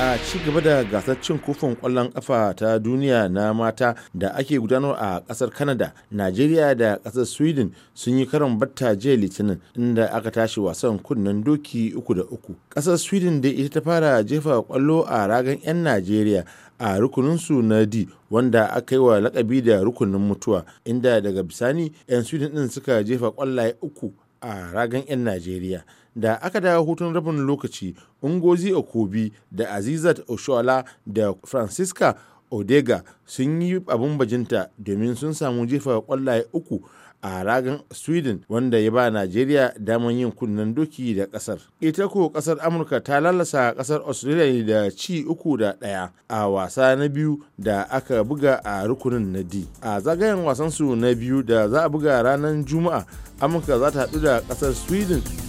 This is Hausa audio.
a ci gaba da gasar cin kofin kwallon kafa ta duniya na mata da ake gudanar a kasar Kanada, najeriya da kasar sweden sun yi karan batta jiya litinin inda aka tashi wasan kunnen doki uku da uku kasar sweden da ita ta fara jefa kwallo a ragan 'yan najeriya a rukuninsu na d wanda aka yi wa lakabi da rukunin mutuwa inda daga bisani 'yan sweden din suka jefa kwallaye uku a ragan 'yan Najeriya. Da aka dawo hutun rabin lokaci, ungozi Okobi da Azizat oshola da Francisca Odega sun yi abin bajinta domin sun samu jefa kwallaye uku a ragan Sweden wanda ya ba Najeriya damar yin kunnen doki da kasar. Ita ko kasar Amurka ta lalasa kasar Australia da ci uku da ɗaya a wasa na biyu da aka buga a rukunin na D. A zagayen wasansu na biyu da za a buga ranar Juma'a, Amurka za ta haɗu da kasar Sweden